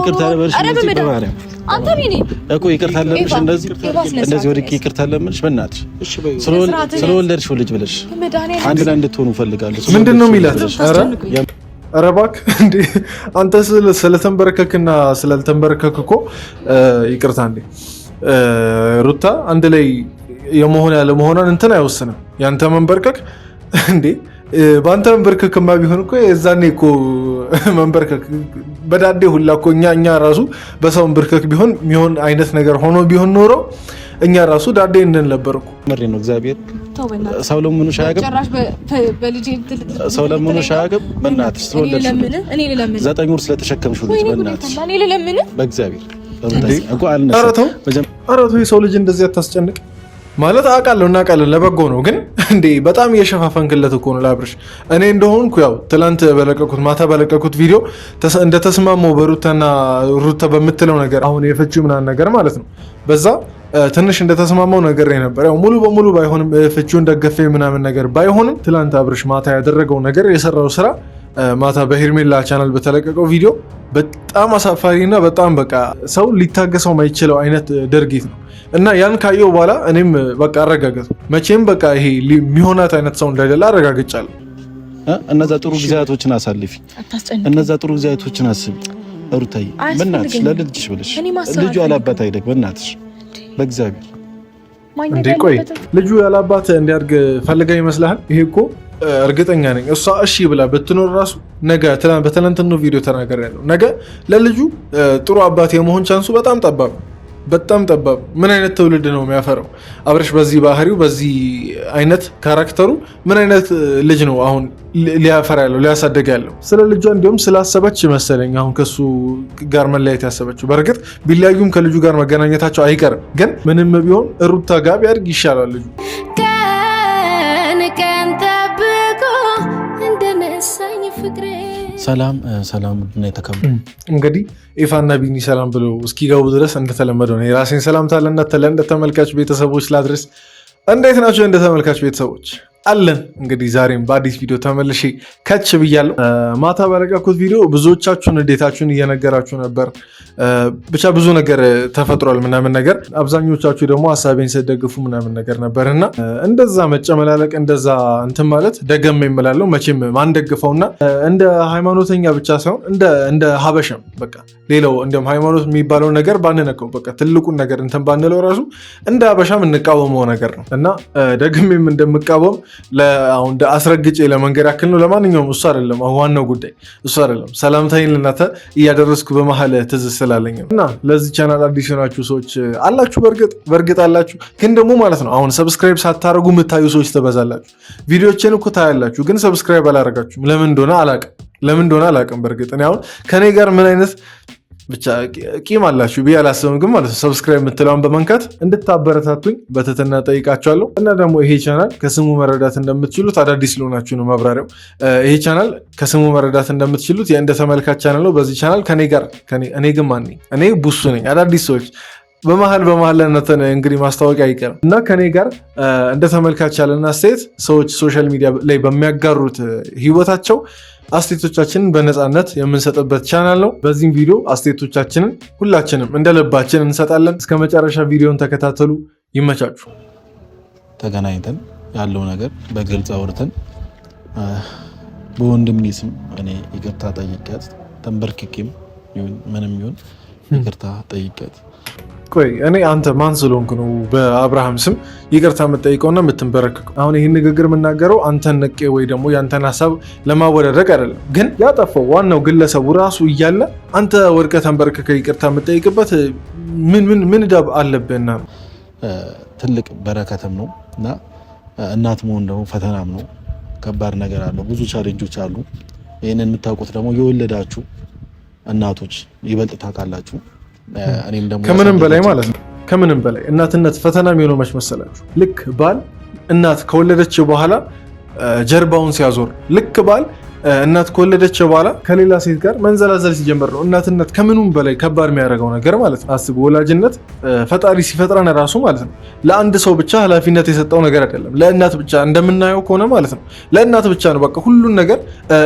ይቅርታ ለምንሽ እኮ ይቅርታ ለምንሽ እንደዚህ እንደዚህ ወድቄ ይቅርታ ለምንሽ በእናትሽ ስለወለድሽው ልጅ ብለሽ አንድ ላይ እንድትሆኑ ፈልጋለሁ። ምንድን ነው የሚላት? ኧረ እባክህ እንደ አንተ ስለተንበረከክና ስላልተንበረከክ እኮ ይቅርታ እንዴ ሩታ አንድ ላይ የመሆን ያለመሆኗን እንትን አይወስንም። ያንተ መንበርከክ እንዴ በአንተ መንበርከክማ ቢሆን እኮ የዛኔ እኮ መንበርከክ በዳዴ ሁላ እኮ እኛ እኛ ራሱ በሰው መንበርከክ ቢሆን የሚሆን አይነት ነገር ሆኖ ቢሆን ኖሮ እኛ ራሱ ዳዴ እንል ነበር እኮ። ምሬ ነው እግዚአብሔር ሰው ለምኑ ሻያገብ ሰው ለምኑ ሻያገብ በእናትሽ ስለወለድሽ ዘጠኝ ወር ስለተሸከምሽ ልጅ በእናትሽ በእግዚአብሔር ኧረ ተው ኧረ ተው፣ የሰው ልጅ እንደዚህ አታስጨንቅ። ማለት አውቃለሁ እናውቃለን፣ ለበጎ ነው። ግን እንዴ በጣም እየሸፋፈንክለት እኮ ነው ለአብርሽ። እኔ እንደሆንኩ ያው ትላንት በለቀኩት ማታ በለቀኩት ቪዲዮ እንደተስማማው በሩተና ሩተ በምትለው ነገር አሁን የፈጩ ምናምን ነገር ማለት ነው በዛ ትንሽ እንደተስማማው ነገር ነበር። ያው ሙሉ በሙሉ ባይሆንም ፍቹን ደገፌ ምናምን ነገር ባይሆንም ትላንት አብርሽ ማታ ያደረገው ነገር የሰራው ስራ ማታ በሄርሜላ ቻናል በተለቀቀው ቪዲዮ በጣም አሳፋሪ እና በጣም በቃ ሰው ሊታገሰው ማይችለው አይነት ድርጊት ነው እና ያን ካየው በኋላ እኔም በቃ አረጋገጥ መቼም በቃ ይሄ የሚሆናት አይነት ሰው እንዳይደለ አረጋግጫለሁ። እነዛ ጥሩ ጊዜያቶችን አሳልፊ፣ እነዛ ጥሩ ጊዜያቶችን አስቢ። እሩታይ በእናትሽ ለልጅሽ ብለሽ ልጁ ያላባት አይደግ በእናትሽ በእግዚአብሔር እንዴ ቆይ ልጁ ያላባት እንዲያድግ ፈልጋ ይመስልሃል? ይሄ እኮ እርግጠኛ ነኝ እሷ እሺ ብላ ብትኖር ራሱ ነገ በትናንትናው ቪዲዮ ተናገር ያለው ነገ ለልጁ ጥሩ አባት የመሆን ቻንሱ በጣም ጠባብ በጣም ጠባብ። ምን አይነት ትውልድ ነው የሚያፈራው? አብረሽ በዚህ ባህሪው በዚህ አይነት ካራክተሩ ምን አይነት ልጅ ነው አሁን ሊያፈራ ያለው ሊያሳደግ ያለው? ስለ ልጇ እንዲሁም ስላሰበች መሰለኝ አሁን ከሱ ጋር መለያየት ያሰበችው። በእርግጥ ቢለያዩም ከልጁ ጋር መገናኘታቸው አይቀርም፣ ግን ምንም ቢሆን ሩታ ጋቢ አድግ ይሻላል ልጁ ሰላም ሰላም፣ ውድና የተከበሩ እንግዲህ ኤፋና ቢኒ ሰላም ብሎ እስኪገቡ ድረስ እንደተለመደው ነው የራሴን ሰላምታ ለእናንተ ለእንደ ተመልካች ቤተሰቦች ላድረስ። እንዴት ናቸው እንደ ተመልካች ቤተሰቦች? አለን እንግዲህ ዛሬም በአዲስ ቪዲዮ ተመልሼ ከች ብያለሁ። ማታ በለቀኩት ቪዲዮ ብዙዎቻችሁን እንዴታችሁን እየነገራችሁ ነበር። ብቻ ብዙ ነገር ተፈጥሯል ምናምን ነገር አብዛኞቻችሁ ደግሞ ሀሳቤን ስደግፉ ምናምን ነገር ነበር እና እንደዛ መጨመላለቅ እንደዛ እንትን ማለት ደገም የምላለው መቼም ማንደግፈው እና እንደ ሃይማኖተኛ ብቻ ሳይሆን እንደ ሀበሻም በቃ ሌላው እንዲያውም ሃይማኖት የሚባለው ነገር ባንነቀው በቃ ትልቁን ነገር እንትን ባንለው ራሱ እንደ ሀበሻም እንቃወመው ነገር ነው እና ደግሜም እንደምቃወም አስረግጬ ለመንገድ ያክል ነው። ለማንኛውም እሱ አይደለም ዋናው ጉዳይ፣ እሱ አይደለም። ሰላምታዬን ልናተ እያደረስኩ በመሀል ትዝ ስላለኝ እና ለዚህ ቻናል አዲስ የሆናችሁ ሰዎች አላችሁ፣ በእርግጥ በእርግጥ አላችሁ፣ ግን ደግሞ ማለት ነው አሁን ሰብስክራይብ ሳታደርጉ የምታዩ ሰዎች ትበዛላችሁ። ቪዲዮችን እኮ ታያላችሁ፣ ግን ሰብስክራይብ አላደረጋችሁም። ለምን እንደሆነ አላቅም፣ ለምን እንደሆነ አላቅም። በእርግጥ እኔ አሁን ከኔ ጋር ምን አይነት ብቻ ቂም አላችሁ ብዬ አላስብም፣ ግን ማለት ነው ሰብስክራይብ የምትለውን በመንካት እንድታበረታቱኝ በትህትና ጠይቃችኋለሁ። እና ደግሞ ይሄ ቻናል ከስሙ መረዳት እንደምትችሉት አዳዲስ ሊሆናችሁ ነው ማብራሪያው። ይሄ ቻናል ከስሙ መረዳት እንደምትችሉት የእንደ ተመልካች ቻናል ነው። በዚህ ቻናል ከኔ ጋር እኔ ግን ማን ነኝ? እኔ ቡሱ ነኝ። አዳዲስ ሰዎች በመሀል በመሀል ነት እንግዲህ ማስታወቂያ አይቀርም እና ከኔ ጋር እንደ ተመልካች ያለና ሴት ሰዎች ሶሻል ሚዲያ ላይ በሚያጋሩት ህይወታቸው አስቴቶቻችንን በነፃነት የምንሰጥበት ቻናል ነው። በዚህም ቪዲዮ አስቴቶቻችንን ሁላችንም እንደ ልባችን እንሰጣለን። እስከ መጨረሻ ቪዲዮን ተከታተሉ። ይመቻችሁ። ተገናኝተን ያለው ነገር በግልጽ አውርተን በወንድሜ ስም እኔ ይቅርታ ጠይቀት፣ ተንበርክኬም ምንም ይሁን ይቅርታ ጠይቀት ቆይ እኔ አንተ ማን ስለሆንክ ነው በአብርሃም ስም ይቅርታ የምጠይቀውና የምትንበረከከው? አሁን ይህን ንግግር የምናገረው አንተን ነቄ ወይ ደግሞ ያንተን ሀሳብ ለማወዳደቅ አይደለም። ግን ያጠፋው ዋናው ግለሰቡ ራሱ እያለ አንተ ወድቀ ተንበረክከ ይቅርታ የምጠይቅበት ምን ምን ምን አለብህና? ትልቅ በረከትም ነው እና እናት መሆን ደግሞ ፈተናም ነው። ከባድ ነገር አለው። ብዙ ቻሌንጆች አሉ። ይህንን የምታውቁት ደግሞ የወለዳችሁ እናቶች ይበልጥ ታውቃላችሁ። ከምንም በላይ ማለት ነው። ከምንም በላይ እናትነት ፈተና የሚሆነው መች መሰላችሁ? ልክ ባል እናት ከወለደች በኋላ ጀርባውን ሲያዞር ልክ ባል እናት ከወለደች በኋላ ከሌላ ሴት ጋር መንዘላዘል ሲጀምር ነው። እናትነት ከምኑም በላይ ከባድ የሚያደርገው ነገር ማለት ነው። አስቡ፣ ወላጅነት ፈጣሪ ሲፈጥረን ራሱ ማለት ነው ለአንድ ሰው ብቻ ኃላፊነት የሰጠው ነገር አይደለም። ለእናት ብቻ እንደምናየው ከሆነ ማለት ነው ለእናት ብቻ ነው። በቃ ሁሉን ነገር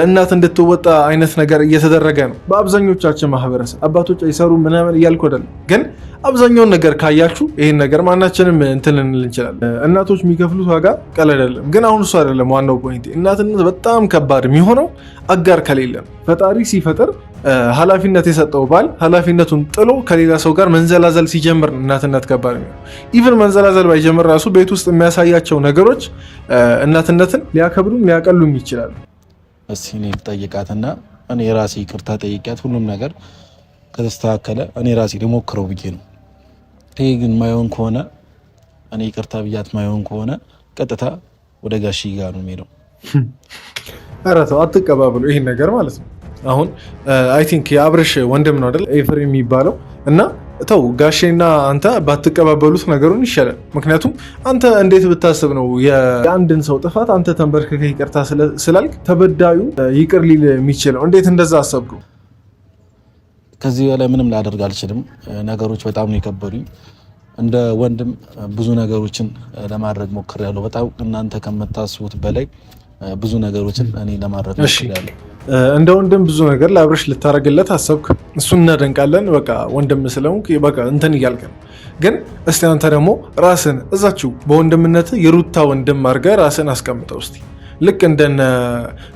እናት እንድትወጣ አይነት ነገር እየተደረገ ነው። በአብዛኞቻችን ማህበረሰብ አባቶች አይሰሩ ምናምን እያልኩ አይደለም፣ ግን አብዛኛውን ነገር ካያችሁ ይህን ነገር ማናችንም እንትን ልንል እንችላለን። እናቶች የሚከፍሉት ዋጋ ቀላል አይደለም። ግን አሁን እሱ አይደለም ዋናው ፖይንት። እናትነት በጣም ከባድ የሚሆነው የሚሆነው አጋር ከሌለም። ፈጣሪ ሲፈጥር ኃላፊነት የሰጠው ባል ኃላፊነቱን ጥሎ ከሌላ ሰው ጋር መንዘላዘል ሲጀምር እናትነት ከባድ ነው። ኢቨን መንዘላዘል ባይጀምር ራሱ ቤት ውስጥ የሚያሳያቸው ነገሮች እናትነትን ሊያከብዱም ሊያቀሉም ይችላሉ። እስኪ እኔ ልጠይቃትና እኔ ራሴ ይቅርታ ጠይቂያት ሁሉም ነገር ከተስተካከለ እኔ ራሴ ልሞክረው ብዬ ነው። ይሄ ግን ማይሆን ከሆነ እኔ ይቅርታ ብያት ማይሆን ከሆነ ቀጥታ ወደ ጋሽ ጋር ነው የሚሄደው። ኧረ ተው አትቀባበሉ ይህን ነገር ማለት ነው። አሁን አይ ቲንክ የአብርሽ ወንድም ነው አይደል ኤፍሬም የሚባለው እና ተው ጋሼና አንተ ባትቀባበሉት ነገሩን ይሻላል። ምክንያቱም አንተ እንዴት ብታስብ ነው የአንድን ሰው ጥፋት አንተ ተንበርክከ ይቅርታ ስላልክ ተበዳዩ ይቅር ሊል የሚችለው? እንዴት እንደዛ አሰብከው? ከዚህ በላይ ምንም ላደርግ አልችልም። ነገሮች በጣም ነው የከበዱኝ። እንደ ወንድም ብዙ ነገሮችን ለማድረግ ሞክሬያለሁ። በጣም እናንተ ከምታስቡት በላይ ብዙ ነገሮችን እኔ ለማድረግ ያለሁ እንደ ወንድም ብዙ ነገር ለአብርሽ ልታደርግለት አሰብክ። እሱን እናደንቃለን። በቃ ወንድም ስለሆንክ በቃ እንትን እያልክ ነው። ግን እስቲ አንተ ደግሞ ራስን እዛችው በወንድምነት የሩታ ወንድም አድርገህ ራስን አስቀምጠው እስቲ ልክ እንደነ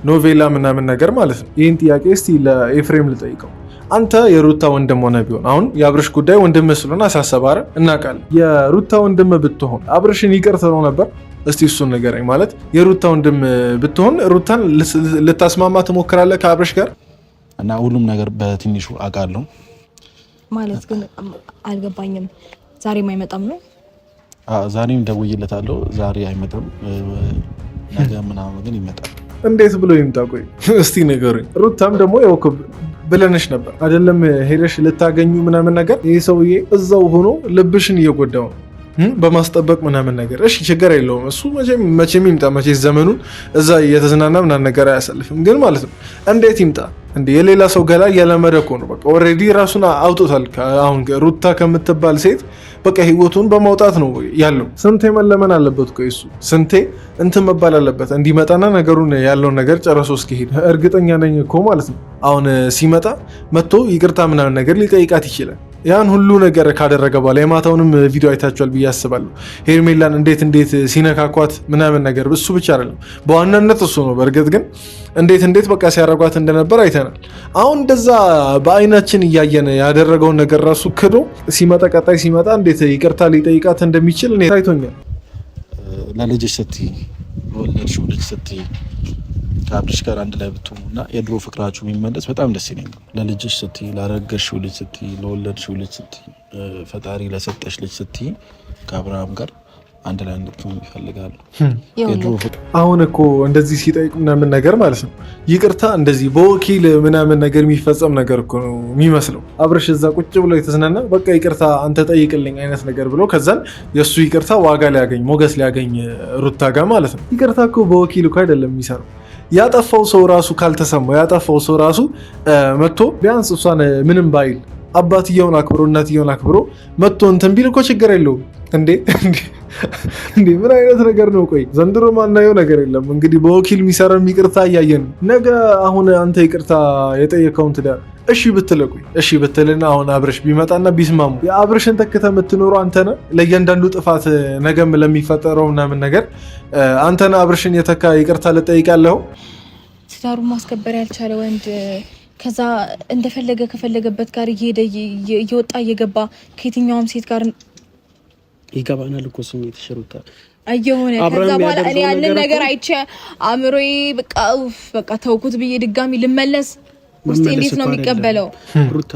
ኖቬላ ምናምን ነገር ማለት ነው። ይህን ጥያቄ እስቲ ለኤፍሬም ልጠይቀው። አንተ የሩታ ወንድም ሆነ ቢሆን አሁን የአብርሽ ጉዳይ ወንድም ስለሆነ አሳሰባረ እናውቃለን። የሩታ ወንድም ብትሆን አብርሽን ይቅር ትለው ነበር? እስቲ እሱን ንገረኝ። ማለት የሩታ ወንድም ብትሆን ሩታን ልታስማማ ትሞክራለህ ከአብረሽ ጋር እና ሁሉም ነገር በትንሹ አውቃለሁ። ማለት ግን አልገባኝም። ዛሬም አይመጣም ነው? ዛሬም ደውዬለታለሁ። ዛሬ አይመጣም፣ ነገ ምናምን ግን ይመጣል። እንዴት ብሎ ይምጣ? ቆይ እስቲ ንገሩኝ። ሩታም ደግሞ የወክ ብለንሽ ነበር አይደለም? ሄደሽ ልታገኙ ምናምን ነገር ይህ ሰውዬ እዛው ሆኖ ልብሽን እየጎዳው ነው በማስጠበቅ ምናምን ነገር እሺ፣ ችግር የለውም እሱ መቼም ይምጣ። መቼ ዘመኑን እዛ እየተዝናና ምናምን ነገር አያሳልፍም። ግን ማለት ነው እንዴት ይምጣ እንዴ? የሌላ ሰው ገላ እያለመደ እኮ ነው። በቃ ኦልሬዲ ራሱን አውጦታል። አሁን ሩታ ከምትባል ሴት በቃ ህይወቱን በማውጣት ነው ያለው። ስንቴ መለመን አለበት እኮ እሱ ስንቴ እንትን መባል አለበት እንዲመጣና ነገሩን ያለውን ነገር ጨረሶ እስኪሄድ። እርግጠኛ ነኝ እኮ ማለት ነው አሁን ሲመጣ መጥቶ ይቅርታ ምናምን ነገር ሊጠይቃት ይችላል ያን ሁሉ ነገር ካደረገ በኋላ የማታውንም ቪዲዮ አይታችኋል ብዬ አስባለሁ። ሄርሜላን እንዴት እንዴት ሲነካኳት ምናምን ነገር እሱ ብቻ አይደለም፣ በዋናነት እሱ ነው። በእርግጥ ግን እንዴት እንዴት በቃ ሲያረጓት እንደነበር አይተናል። አሁን እንደዛ በአይናችን እያየን ያደረገውን ነገር ራሱ ክዶ ሲመጣ ቀጣይ ሲመጣ እንዴት ይቅርታ ሊጠይቃት እንደሚችል እኔ ታይቶኛል። ለልጅ ስትይ ለወለድሽው ልጅ ስትይ ከአብርሽ ጋር አንድ ላይ ብትሆኑ እና የድሮ ፍቅራችሁ የሚመለስ በጣም ደስ ይለኝ። ለልጅሽ ስትይ፣ ላረገሽው ልጅ ስትይ፣ ለወለድሽው ልጅ ስትይ፣ ፈጣሪ ለሰጠሽ ልጅ ስትይ ከአብርሃም ጋር አንድ ላይ እንድትሆኑ ይፈልጋሉ። አሁን እኮ እንደዚህ ሲጠይቅ ምናምን ነገር ማለት ነው ይቅርታ እንደዚህ በወኪል ምናምን ነገር የሚፈጸም ነገር እኮ ነው የሚመስለው። አብረሽ እዛ ቁጭ ብሎ የተዝናና በቃ ይቅርታ አንተ ጠይቅልኝ አይነት ነገር ብሎ ከዛን የእሱ ይቅርታ ዋጋ ሊያገኝ ሞገስ ሊያገኝ ሩታ ጋር ማለት ነው። ይቅርታ እኮ በወኪል እኮ አይደለም የሚሰራው ያጠፋው ሰው ራሱ ካልተሰማው ያጠፋው ሰው ራሱ መጥቶ ቢያንስ እሷን ምንም ባይል አባትየውን አክብሮ እናትየውን አክብሮ መጥቶ እንትን ቢል እኮ ችግር የለውም። እንዴ እንዴ ምን አይነት ነገር ነው? ቆይ ዘንድሮ ማናየው ነገር የለም። እንግዲህ በወኪል የሚሰራ ይቅርታ እያየን ነገ አሁን አንተ ይቅርታ የጠየቀውን ትዳር እሺ ብትል እሺ ብትልና አሁን አብርሽ ቢመጣና ቢስማሙ የአብርሽን ተክተ የምትኖሩ አንተነ ለእያንዳንዱ ጥፋት ነገም ለሚፈጠረው ምናምን ነገር አንተነ አብርሽን የተካ ይቅርታ ልጠይቃለሁ። ትዳሩ ማስከበር ያልቻለ ወንድ ከዛ እንደፈለገ ከፈለገበት ጋር እየሄደ እየወጣ እየገባ ከየትኛውም ሴት ጋር ይገባናል እኮ ስሜትሽ ሩታ እየሆነ ከዛ በኋላ እኔ ያንን ነገር አይቼ አእምሮዬ በቃ ኡፍ በቃ ተውኩት ብዬ ድጋሚ ልመለስ ውስጤ እንዴት ነው የሚቀበለው? ሩታ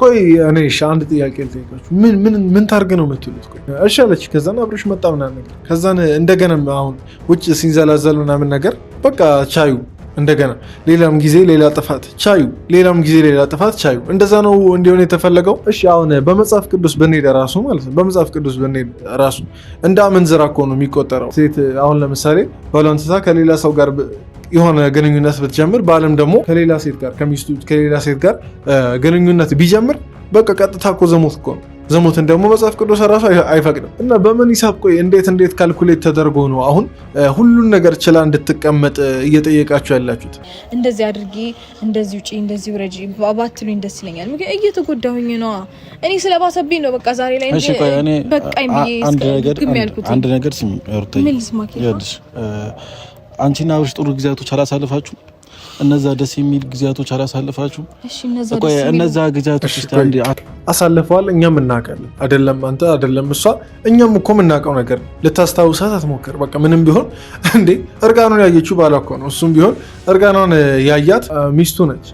ቆይ እኔ እሺ፣ አንድ ጥያቄ ልጠይቃችሁ። ምን ምን ምን ታርግ ነው የምትሉት? እሺ አለች፣ ከዛን አብረሽ መጣ ምናምን ነገር፣ ከዛን እንደገና አሁን ውጭ ሲንዘላዘል ምናምን ነገር በቃ ቻዩ እንደገና ሌላም ጊዜ ሌላ ጥፋት ቻዩ፣ ሌላም ጊዜ ሌላ ጥፋት ቻዩ። እንደዛ ነው እንዲሆን የተፈለገው። እሺ አሁን በመጽሐፍ ቅዱስ ብንሄድ ራሱ ማለት ነው በመጽሐፍ ቅዱስ ብንሄድ ራሱ እንደ አመንዝራ እኮ ነው የሚቆጠረው። ሴት አሁን ለምሳሌ ባሏን ትታ ከሌላ ሰው ጋር የሆነ ግንኙነት ብትጀምር፣ ባልም ደግሞ ከሌላ ሴት ጋር ከሚስቱ ከሌላ ሴት ጋር ግንኙነት ቢጀምር፣ በቃ ቀጥታ እኮ ዘሞት እኮ ነው። ዝሙትን ደግሞ መጽሐፍ ቅዱስ ራሱ አይፈቅድም። እና በምን ሂሳብ ቆይ እንዴት እንዴት ካልኩሌት ተደርጎ ነው አሁን ሁሉን ነገር ችላ እንድትቀመጥ እየጠየቃችሁ ያላችሁት? እንደዚህ አድርጌ እንደዚህ ውጪ እንደዚህ ውረጅ ባትሉኝ ደስ ይለኛል። ምክንያቱም እየተጎዳሁኝ ነው እኔ ስለባሰብኝ ነው። በቃ ዛሬ ላይ በቃ ብዬ ግም ያልኩት አንድ ነገር ስም ሩታ አንቺና ብሽ ጥሩ ጊዜያቶች አላሳልፋችሁም እነዛ ደስ የሚል ጊዜያቶች አላሳልፋችሁ እነዛ ጊዜያቶች አሳልፈዋል። እኛም እናውቃለን። አይደለም አንተ አይደለም እሷ፣ እኛም እኮ የምናውቀው ነገር። ልታስታውሳት አትሞክር። በቃ ምንም ቢሆን እንዴ እርቃኗን ያየችው ባሏ እኮ ነው። እሱም ቢሆን እርቃኗን ያያት ሚስቱ ነች።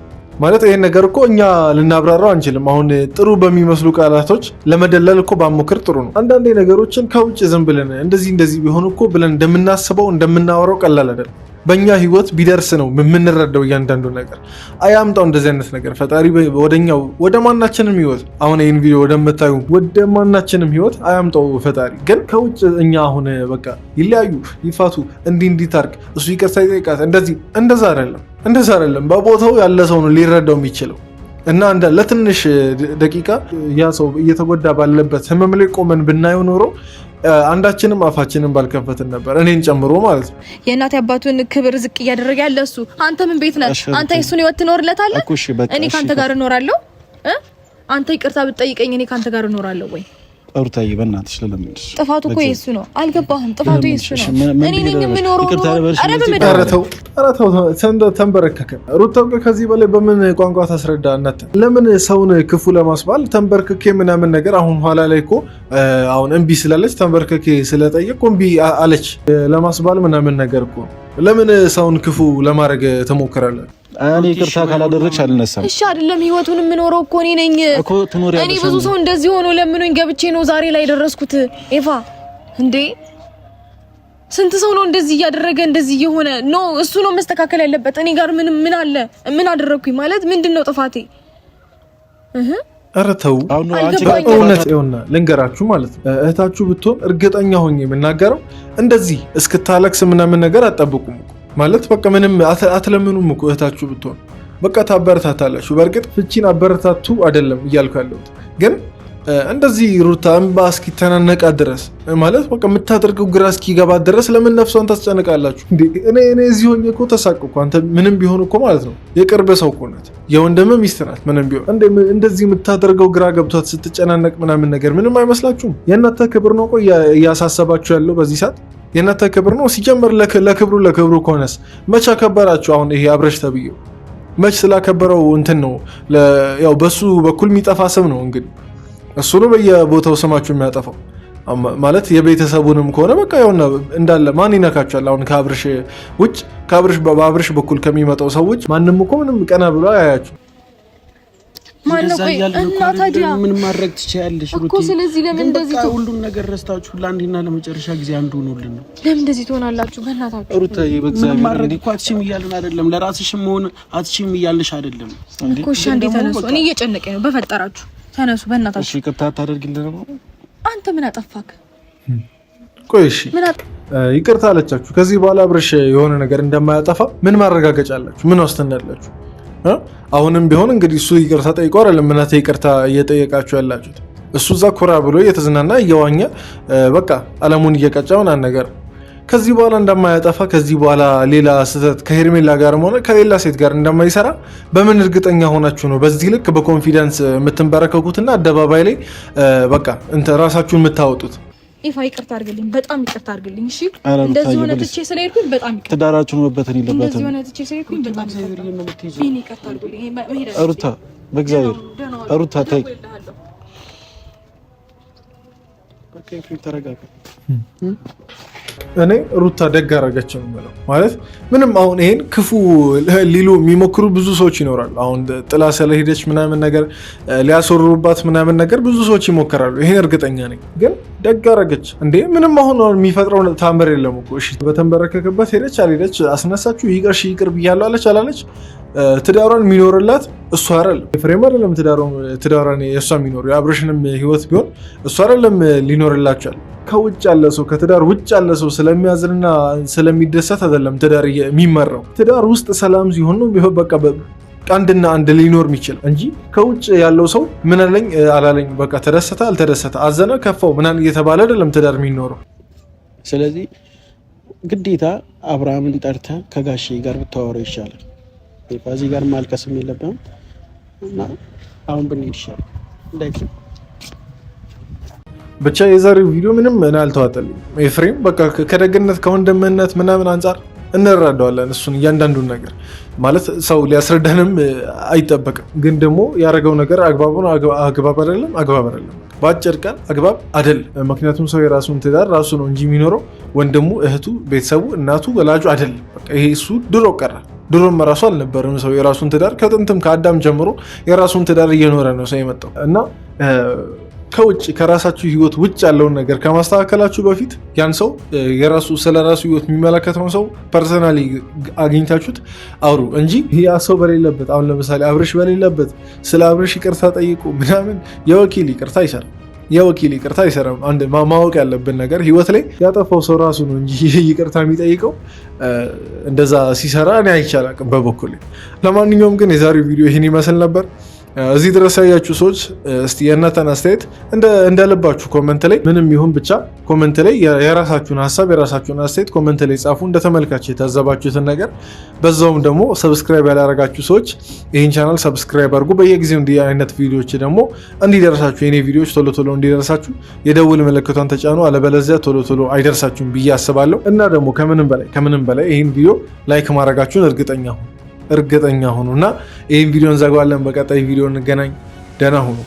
ማለት ይሄን ነገር እኮ እኛ ልናብራራው አንችልም። አሁን ጥሩ በሚመስሉ ቃላቶች ለመደለል እኮ ባሞክር ጥሩ ነው። አንዳንዴ ነገሮችን ከውጭ ዝም ብለን እንደዚህ እንደዚህ ቢሆን እኮ ብለን እንደምናስበው እንደምናወራው ቀላል አይደለም። በእኛ ህይወት ቢደርስ ነው የምንረዳው እያንዳንዱ ነገር። አያምጣው እንደዚህ አይነት ነገር ፈጣሪ ወደኛው ወደ ማናችንም ህይወት አሁን ይህን ቪዲዮ ወደምታዩ ወደ ማናችንም ህይወት አያምጣው ፈጣሪ። ግን ከውጭ እኛ አሁን በቃ ይለያዩ፣ ይፋቱ፣ እንዲህ እንዲታርቅ እሱ ይቅርታ ይጠይቃት እንደዚህ እንደዛ አይደለም እንደዛ አይደለም። በቦታው ያለ ሰው ነው ሊረዳው የሚችለው። እና እንደ ለትንሽ ደቂቃ ያ ሰው እየተጎዳ ባለበት ህመም ላይ ቆመን ብናየው ኖሮ አንዳችንም አፋችንን ባልከፈትን ነበር፣ እኔን ጨምሮ ማለት ነው። የእናት አባቱን ክብር ዝቅ እያደረገ ያለ እሱ። አንተ ምን ቤት ነህ አንተ? የሱን ህይወት ትኖርለታለህ። እኔ ከአንተ ጋር እኖራለሁ። አንተ ይቅርታ ብትጠይቀኝ እኔ ከአንተ ጋር እኖራለሁ ወይ? ሩታዬ በእናትሽ ለለምንሽ፣ ጥፋቱ እኮ የሱ ነው። አልገባህም? ጥፋቱ የሱ ነው። እኔ ነኝ የምኖረው። ኧረ በመድኃኒዓለም ተንበረከከ። ሩታም ከዚህ በላይ በምን ቋንቋ ታስረዳ? ለምን ሰውን ክፉ ለማስባል ተንበርክኬ ምናምን ነገር አሁን ኋላ ላይ እኮ አሁን እምቢ ስላለች ተንበርክኬ ስለጠየቅ እምቢ አለች ለማስባል ምናምን ነገር እኮ ለምን ሰውን ክፉ ለማድረግ ተሞክራለ? እኔ ይቅርታ ካላደረች አልነሳም። እሺ አይደለም፣ ህይወቱን የምኖረው እኮ እኔ ነኝ እኮ እኔ ብዙ ሰው እንደዚህ ሆኖ ለምኖኝ ገብቼ ነው ዛሬ ላይ ደረስኩት። ኤፋ እንዴ ስንት ሰው ነው እንደዚህ እያደረገ እንደዚህ እየሆነ ኖ እሱ ነው መስተካከል ያለበት። እኔ ጋር ምን ምን አለ? ምን አደረግኩኝ ማለት ምንድን ነው ጥፋቴ? ኧረ ተው በእውነት ሆነ ልንገራችሁ ማለት ነው። እህታችሁ ብትሆን እርግጠኛ ሆኜ የምናገረው እንደዚህ እስክታለቅስ ምናምን ነገር አጠብቁም ማለት በቃ ምንም አትለምኑም እኮ እህታችሁ ብትሆን በቃ ታበረታታላችሁ። በእርግጥ ፍቺን አበረታቱ አይደለም እያልኩ ያለሁት ግን እንደዚህ ሩታ እንባ እስኪተናነቃ ድረስ ማለት በቃ የምታደርገው ግራ እስኪገባ ድረስ ለምን ነፍሷን ታስጨንቃላችሁ? እኔ እኔ እዚህ ሆኜ እኮ ተሳቅኩ። አንተ ምንም ቢሆን እኮ ማለት ነው የቅርብ ሰው እኮ ናት፣ የወንድም ሚስት ናት። ምንም ቢሆን እንደዚህ የምታደርገው ግራ ገብቷት ስትጨናነቅ ምናምን ነገር ምንም አይመስላችሁም? የእናንተ ክብር ነው እኮ እያሳሰባችሁ ያለው በዚህ ሰዓት የእናንተ ክብር ነው። ሲጀመር ለክብሩ ለክብሩ ከሆነስ መቼ አከበራችሁ? አሁን ይሄ አብረሽ ተብዬው መች ስላከበረው እንትን ነው ያው በሱ በኩል የሚጠፋ ስም ነው እንግዲህ እሱ ነው በየቦታው ስማችሁ የሚያጠፋው ማለት የቤተሰቡንም ከሆነ በቃ የሆነ እንዳለ ማን ይነካቸዋል? አሁን ከአብርሽ ውጭ ከአብርሽ በአብርሽ በኩል ከሚመጣው ሰው ውጭ ማንም እኮ ምንም ቀና ብሎ አያያቸው። ምን ማድረግ ትችያለሽ እኮ። ስለዚህ ለምን እንደዚህ ሁሉም ነገር ረስታችሁ ለአንዴና ለመጨረሻ ጊዜ አንድ ሆኖልን ነው። ለምን እንደዚህ ትሆናላችሁ? በእናታችሁ ሩታዬ፣ በእግዚአብሔር ማድረግ አትችይም እያልን አይደለም። ለራስሽም መሆን አትችይም አይደለም እኮ። እሺ፣ አንዴ ተነሱ። እኔ እየጨነቀኝ ነው። በፈጠራችሁ ተነሱ፣ በእናታችሁ። እሺ፣ ይቅርታ አንተ ምን አጠፋክ? ቆይ እሺ ይቅርታ አለቻችሁ። ከዚህ በኋላ አብርሽ የሆነ ነገር እንደማያጠፋ ምን ማረጋገጫ አላችሁ? ምን ዋስትና አላችሁ? አሁንም ቢሆን እንግዲህ እሱ ይቅርታ ጠይቆ አይደለም ይቅርታ እየጠየቃችሁ ያላችሁት። እሱ እዛ ኮራ ብሎ እየተዝናና እየዋኘ በቃ አለሙን እየቀጫ ምናምን ነገር ከዚህ በኋላ እንደማያጠፋ ከዚህ በኋላ ሌላ ስህተት ከሄርሜላ ጋርም ሆነ ከሌላ ሴት ጋር እንደማይሰራ በምን እርግጠኛ ሆናችሁ ነው በዚህ ልክ በኮንፊደንስ የምትንበረከኩትና አደባባይ ላይ በቃ ራሳችሁን የምታወጡት? ኢፋ ይቅርታ አድርግልኝ፣ በጣም ይቅርታ አድርግልኝ። እሺ እንደዚህ ሆነ ትቼ ስለሄድኩኝ በጣም ይቅርታ። ትዳራችሁን መበተን የለበትም። ሩታ፣ በእግዚአብሔር ሩታ፣ እኔ ሩታ ደግ አደረገችው የምለው ማለት ምንም አሁን ይሄን ክፉ ሊሉ የሚሞክሩ ብዙ ሰዎች ይኖራሉ። አሁን ጥላ ስለሄደች ምናምን ነገር ሊያስወሩባት ምናምን ነገር ብዙ ሰዎች ይሞከራሉ። ይሄን እርግጠኛ ነኝ ግን ደግ አረገች እንዴ! ምንም አሁን የሚፈጥረው ታምር የለም እኮ። እሺ በተንበረከከበት ሄደች አልሄደች፣ አስነሳችሁ፣ ይቅር ይቅር ብያለሁ አለች አላለች፣ ትዳሯን የሚኖርላት እሱ አይደል? ኤፍሬም አይደለም ትዳሯን የእሷ የሚኖር የአብርሽንም ህይወት ቢሆን እሱ አይደለም ሊኖርላቸዋል። ከውጭ ያለ ሰው ከትዳር ውጭ ያለ ሰው ስለሚያዝንና ስለሚደሰት አይደለም ትዳር የሚመራው። ትዳር ውስጥ ሰላም ሲሆን ነው በቃ አንድና አንድ ሊኖር የሚችለው እንጂ ከውጭ ያለው ሰው ምን አለኝ አላለኝ፣ በቃ ተደሰተ አልተደሰተ፣ አዘነ ከፋው ምናምን እየተባለ አይደለም ትዳር የሚኖረው። ስለዚህ ግዴታ አብርሃምን ጠርተ ከጋሼ ጋር ብታወራው ይሻላል። ከዚህ ጋር ማልቀስም የለብህም እና አሁን ብንሄድ ይሻላል። ብቻ የዛሬው ቪዲዮ ምንም ምን አልተዋጠልኝ። ኤፍሬም በቃ ከደግነት ከወንድምህነት ምናምን አንጻር እንረዳዋለን እሱን እያንዳንዱን ነገር ማለት ሰው ሊያስረዳንም አይጠበቅም። ግን ደግሞ ያደረገው ነገር አግባቡ አግባብ አይደለም አግባብ አይደለም፣ በአጭር ቀን አግባብ አይደለም። ምክንያቱም ሰው የራሱን ትዳር ራሱ ነው እንጂ የሚኖረው ወንድሙ፣ እህቱ፣ ቤተሰቡ፣ እናቱ፣ ወላጁ አይደለም። ይሄ እሱ ድሮ ቀረ። ድሮም ራሱ አልነበረም ሰው የራሱን ትዳር ከጥንትም ከአዳም ጀምሮ የራሱን ትዳር እየኖረ ነው ሰው የመጣው እና ከውጭ ከራሳችሁ ህይወት ውጭ ያለውን ነገር ከማስተካከላችሁ በፊት ያን ሰው የራሱ ስለ ራሱ ህይወት የሚመለከተውን ሰው ፐርሰናሊ አግኝታችሁት አውሩ እንጂ ያ ሰው በሌለበት አሁን ለምሳሌ አብርሽ በሌለበት ስለ አብርሽ ይቅርታ ጠይቁ ምናምን የወኪል ይቅርታ አይሰራም። የወኪል ይቅርታ አይሰራም። አንድ ማወቅ ያለብን ነገር ህይወት ላይ ያጠፋው ሰው ራሱ ነው እንጂ ይቅርታ የሚጠይቀው እንደዛ ሲሰራ እኔ አይቻል አቅም በበኩል። ለማንኛውም ግን የዛሬው ቪዲዮ ይህን ይመስል ነበር። እዚህ ድረስ ያያችሁ ሰዎች እስቲ የእናንተን አስተያየት እንደልባችሁ ኮመንት ላይ ምንም ይሁን ብቻ ኮመንት ላይ የራሳችሁን ሀሳብ የራሳችሁን አስተያየት ኮመንት ላይ ጻፉ። እንደተመልካች የታዘባችሁትን ነገር በዛውም ደግሞ ሰብስክራይብ ያላረጋችሁ ሰዎች ይህን ቻናል ሰብስክራይብ አድርጉ። በየጊዜው እንዲህ አይነት ቪዲዮዎች ደግሞ እንዲደርሳችሁ የኔ ቪዲዮዎች ቶሎ ቶሎ እንዲደርሳችሁ የደውል ምልክቷን ተጫኑ። አለበለዚያ ቶሎ ቶሎ አይደርሳችሁም ብዬ አስባለሁ እና ደግሞ ከምንም በላይ ከምንም በላይ ይህን ቪዲዮ ላይክ ማድረጋችሁን እርግጠኛ ሁን። እርግጠኛ ሁኑና ይህን ቪዲዮ እንዘጋዋለን። በቀጣይ ቪዲዮ እንገናኝ። ደህና ሁኑ።